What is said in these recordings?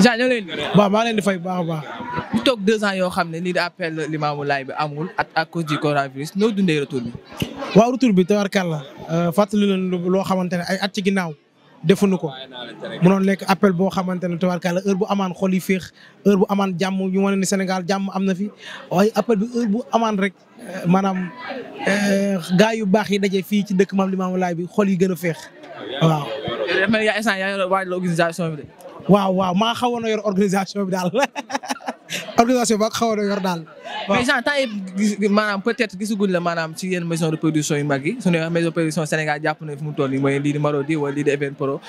Jean maa leen di fay bu baax a baax. ñu toog deux ans yoo xam ne lii di appel Limamou Laye bi amul at à cause du coronavirus noo dundee retour bi. waaw retour bi tabarkàlla euh, fàttali leen loo xamante ne ay at ci ginnaaw defuñu ko munoon nekk appel boo xamante ne tabarkàlla heure bu amaan xol yi féex heure bu amaan jàmm ñu wane ni Sénégal jàmm am na fi waaye appel bi heure bu amaan rek euh, maanaam euh, gaa yu baax yi daje fii ci dëkk maam Limamou Laye bi xol yi gën a féex waaw. yaa ngi sant yaa ngi organisation bi waaw waaw maa xawoon na yor organisation bi daal organisation bi ak xawoon na yor daal. waaw mais genre temps yii maanaam peut-être gisaguñ la maanaam ci yenn maison de yu mag yi suñu maison de Sénégal jàpp na fi mu toll nii mooy lii di Marodi wala lii di Event Pro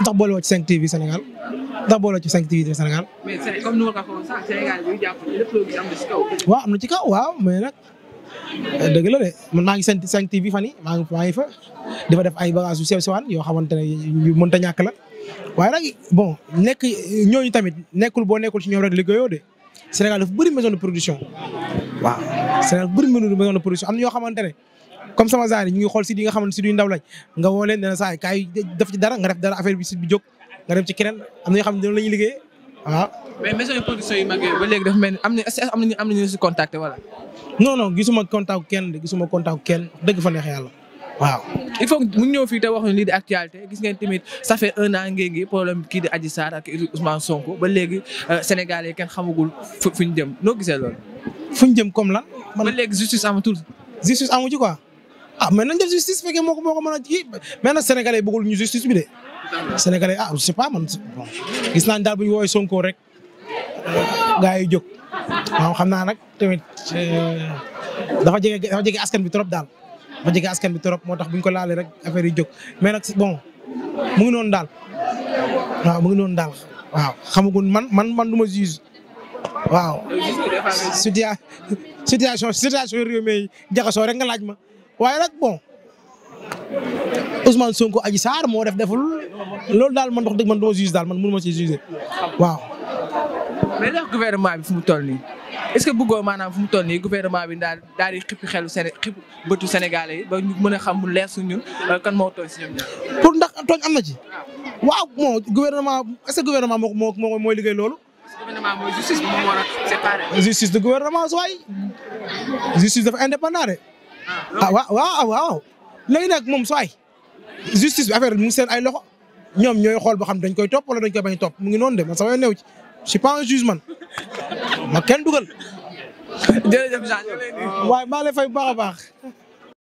ndax boolewoo ci 5 TV Sénégal ndax boolewoo ci 5 TV Sénégal. mais comme ni ma ko na ci kaw. waaw am na ci mais nag. Eh, dëgg la de man maa ngi sant 5 TV fan yii maa ngi maa ngi fa dafa def ay bagages yu sew sewaan yoo xamante ne yu mënta ñàkk la. waaye nag bon nekk ñooñu tamit nekkul boo nekkul ci ñoom rek yoo de Sénégal dafa bëri maison de production waaw Sénégal bëri maison de production am na xamante ne comme sama genre ñu ngi xool si di nga xamante si duñ ndaw lañ nga woo leen ne la saa kaay def ci dara nga def bi si bi jóg nga dem ci keneen am na ñoo xam ne dina la ñuy liggéey waaw. mais de production yi mag ba léegi dafa mel ni am na am na ñu am na ñu si contacté wala. non non gisuma contact kenn gisuma contact kenn fa neex yàlla. waaw il faut mu ñëw fii te wax lii de actualité gis ngeen tamit sa fait un an ngeen ngi problème kii di Adji Sarr ak Ousmane Sonko ba léegi euh, Sénégal yi kenn xamagul fu ñu jëm noo gisee loolu. fu jëm comme lan. ba léegi justice amatul. justice amu ci quoi ah mais nañ def justice fekkee moo ko moo ko mën a ji mais nag Sénégalais yi ñu justice bi de. Sénégalais ah je sais man gis naa daal bu ñu woowee Sonko rek euh, gaa yi jóg waaw xam naa nag tamit euh, dafa jege dafa jege askan bi trop daal. ba jege askan bi trop moo tax bu ñu ko laalee rek affaire yi jóg mais nag bon mu ngi noonu daal waaw mu ngi noonu daal waaw xamagun man man man du ma juge waaw. situa situation situation réew mi jaxasoo rek nga laaj ma waaye rek bon Ousmane Sonko Adji Sarr moo def deful loolu daal man wax dëgg man du ma daal man mënu ma si juge waaw. mais ndax gouvernement bi fu mu toll nii est-ce que bëggoo maanaam fu mu toll nii gouvernement bi daal daal di xippi xelu Séné bëtu Sénégalais yi ba ñu mën a xam mu leer suñu euh, kan moo tooñ si ñoom ñaar. tooñ am na ci. waaw moom gouvernement est-ce que gouvernement moo moo mooy liggéey loolu. gouvernement mooy justice bi moom a séparer. justice de ah, ah, moom su waay justice bi affaire bi mu seen ay loxo ñoom ñooy xool ba xam dañ koy topp wala dañ koy bañ topp mu ngi noonu de man sama yoon neew je suis pas un juge man ma kenn dugal. jërëjëf Jean waaye maa lay fay bu baax a baax.